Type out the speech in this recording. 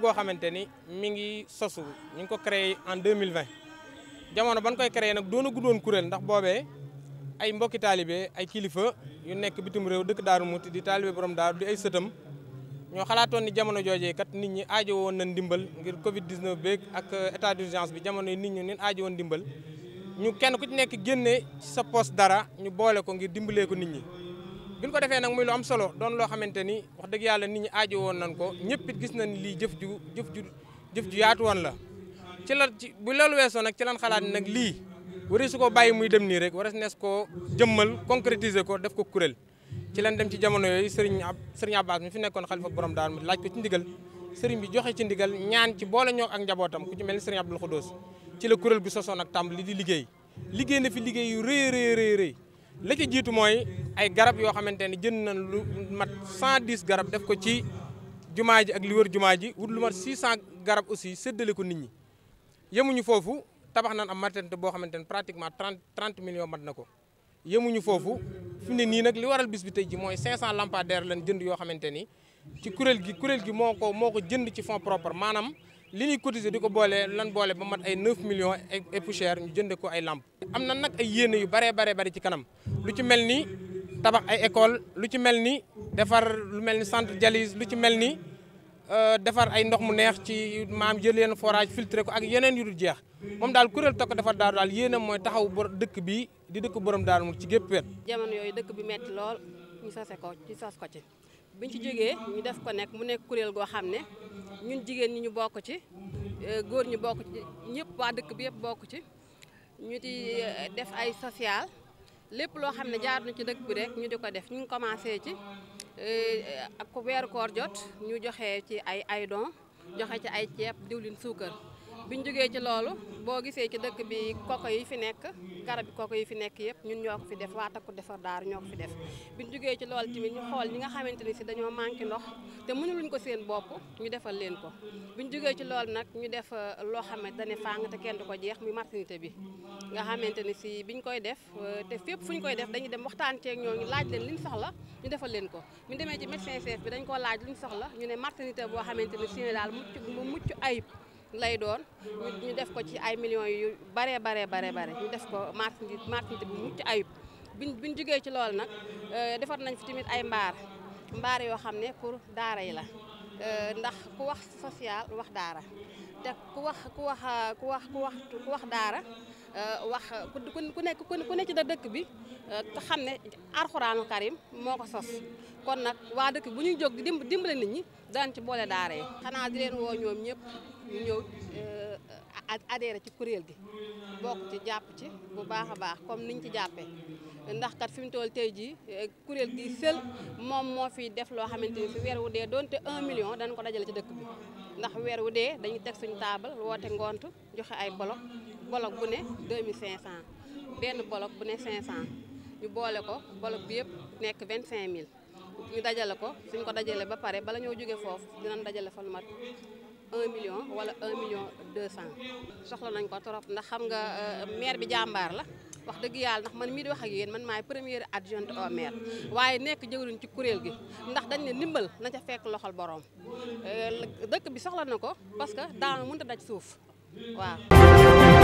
goo xamante ni mi ngi sosu ñu ngi ko créé en 2020 jamono ban koy créé nag doona guddoon kuréel ndax boobee ay mbokki taalibe ay kilifa yu nekk bitim réew dëkk Daaru Muti di taalibe borom daaru di ay sëtam ñoo xalaatoon ni jamono joojee kat nit ñi aajo woon na ndimbal ngir Covid 19 beeg ak euh, état d'urgence bi jamono yi nit ñi nin aajo woon ndimbal ñu kenn ku ci nekk génne ci sa poste dara ñu boole ko ngir dimbalee ko nit ñi bi ko defee nag muy lu am solo doon loo xamante ni wax dëgg yàlla nit ñi aajo woon nañ ko ñëpp gis nañ lii jëf ju jëf ju jëf ju yaatu woon la ci la ci bu loolu weesoo nag ci lan xalaat nag lii wari su ko bàyyi muy dem nii rek waras nees koo jëmmal concrétiser ko def ko kuréel ci lan dem ci jamono yooyu sëriñ ab sëriñ Abbas mi fi nekkoon xalifa borom daal mu laaj ko ci ndigal sëriñ bi joxe ci ndigal ñaan ci boole ñoo ak njabootam ku ci mel ni sëriñ Abdul Xudoos ci la kuréel gu sosoon ak tàmbali di liggéey liggéey na fi liggéey yu rëy la ca jiitu mooy ay garab yoo xamante ne jënd nañ lu mat 110 garab def ko ci jumaa ji ak li wër jumaa ji wut lu mat 600 garab aussi séddale ko nit ñi yemuñu foofu tabax nan am maternité boo xamante ne pratiquement 30 30 millions mat na ko yemuñu foofu fi mu ne nii nag li waral bis tey ji mooy 500 lampadaires lañ jënd yoo xamante ni ci kuréel gi kuréel gi moo ko moo ko jënd ci fonds propre maanaam li ñuy cotiser di ko boole lan boole ba mat ay 9 millions et poussière ñu jënd ko ay làmp am na nag ay yéene yu baree baree bari ci kanam lu ci mel ni tabax ay école lu ci mel ni defar lu mel ni centre dialyse lu ci mel ni euh, defar ay ndox mu neex ci maam jël leen forage filtré ko ak yeneen yu dul jeex moom daal kuréel tokk defar daaru daal yéene mooy taxaw dëkk bi di dëkk borom daaru mu ci gépp wet jamono yooyu dëkk bi metti lool ñu sase ko ci sas ko ci bi ñu ci jógee ñu def ko nekk mu nekk kuréel goo xam ne ñun jigéen ñu ñu bokk ci euh, góor ñi bokk ci ñëpp waa dëkk bi yëpp bokk ci ñu di euh, def ay social lépp loo xam ne jaar na ci dëkk bi rek ñu di ko def ñu ngi commencé ci euh, ak weeru koor jot ñu joxe ci ay ay don joxe ci ay ceeb diwlin suukar biñ jógee ci loolu boo gisee ci dëkk bi koko yi fi nekk garabi koko yi fi nekk yëpp ñun ñoo ko fi def waa takku defar daar ñoo ko fi def biñ jógee ci loolu tamit xool ñi xamante ni si dañoo manqué ndox te mënuluñ ko seen bopp ñu defal leen ko biñ jógee ci loolu nag ñu def uh, loo xamante dane fàng te kenn du ko jeex mi maternité bi nga xamante ni si biñ koy def uh, te fépp fu ñu koy def dañuy dem waxtaan ceeg ñooñu laaj leen liñ soxla ñu defal leen ko mu demee ci médecin chef bi dañ koo laaj liñ soxla ñu ne maternité boo xamante ni si ne daal mucc mu lay doon ñu def ko ci ay millions yu bare bare bare bare ñu def ko marchandise marchandise bu mucc ayib biñ biñ jógee ci lool nag euh, defar nañ fi tamit ay mbaar mbaar yoo xam ne pour daara yi la Euh, ndax ku wax social wax daara te ku wax ku wax ku wax ku wax ku wax daara euh, wax ku nekk ku nekk ci da dëkk bi euh, te xam ne arxuraanu karim moo ko sos kon nag waa dëkk bu ñuy jóg dimb dimbale nit ñi daan ci boole daara yi xanaa di leen woo ñoom ñëpp ñu ñëw ak adhéré ci kuréel gi bokk ci jàpp ci bu baax a baax comme niñ ci jàppee ndax kat fi mu toll tey jii eh, kuréel gi sël moom moo fi def loo xamante ni si weer wu dee donte un million dañ ko dajale ci dëkk bi ndax weer wu dee dañu teg suñu taabal woote ngont joxe ay bolok bolok bu ne cinq 2500 benn bolok bu ne cinq 500 ñu boole ko bolok bi yëpp nekk cinq 25000 ñu dajale ko suñ ko dajale ba pare bala ñoo jóge foofu dinañ dajale fa mat un million wala un million deux cent soxla nañ ko trop ndax xam nga euh, maire bi jàmbaar la wax dëgg yàlla ndax man mii di wax ak yéen man maay première adjointe au maire waaye nekk jëwriñ ci kuréel gi ndax dañ ne ndimbal na ca fekk loxol boroom euh, dëkk bi soxla na ko parce que daa mënut a daj suuf waaw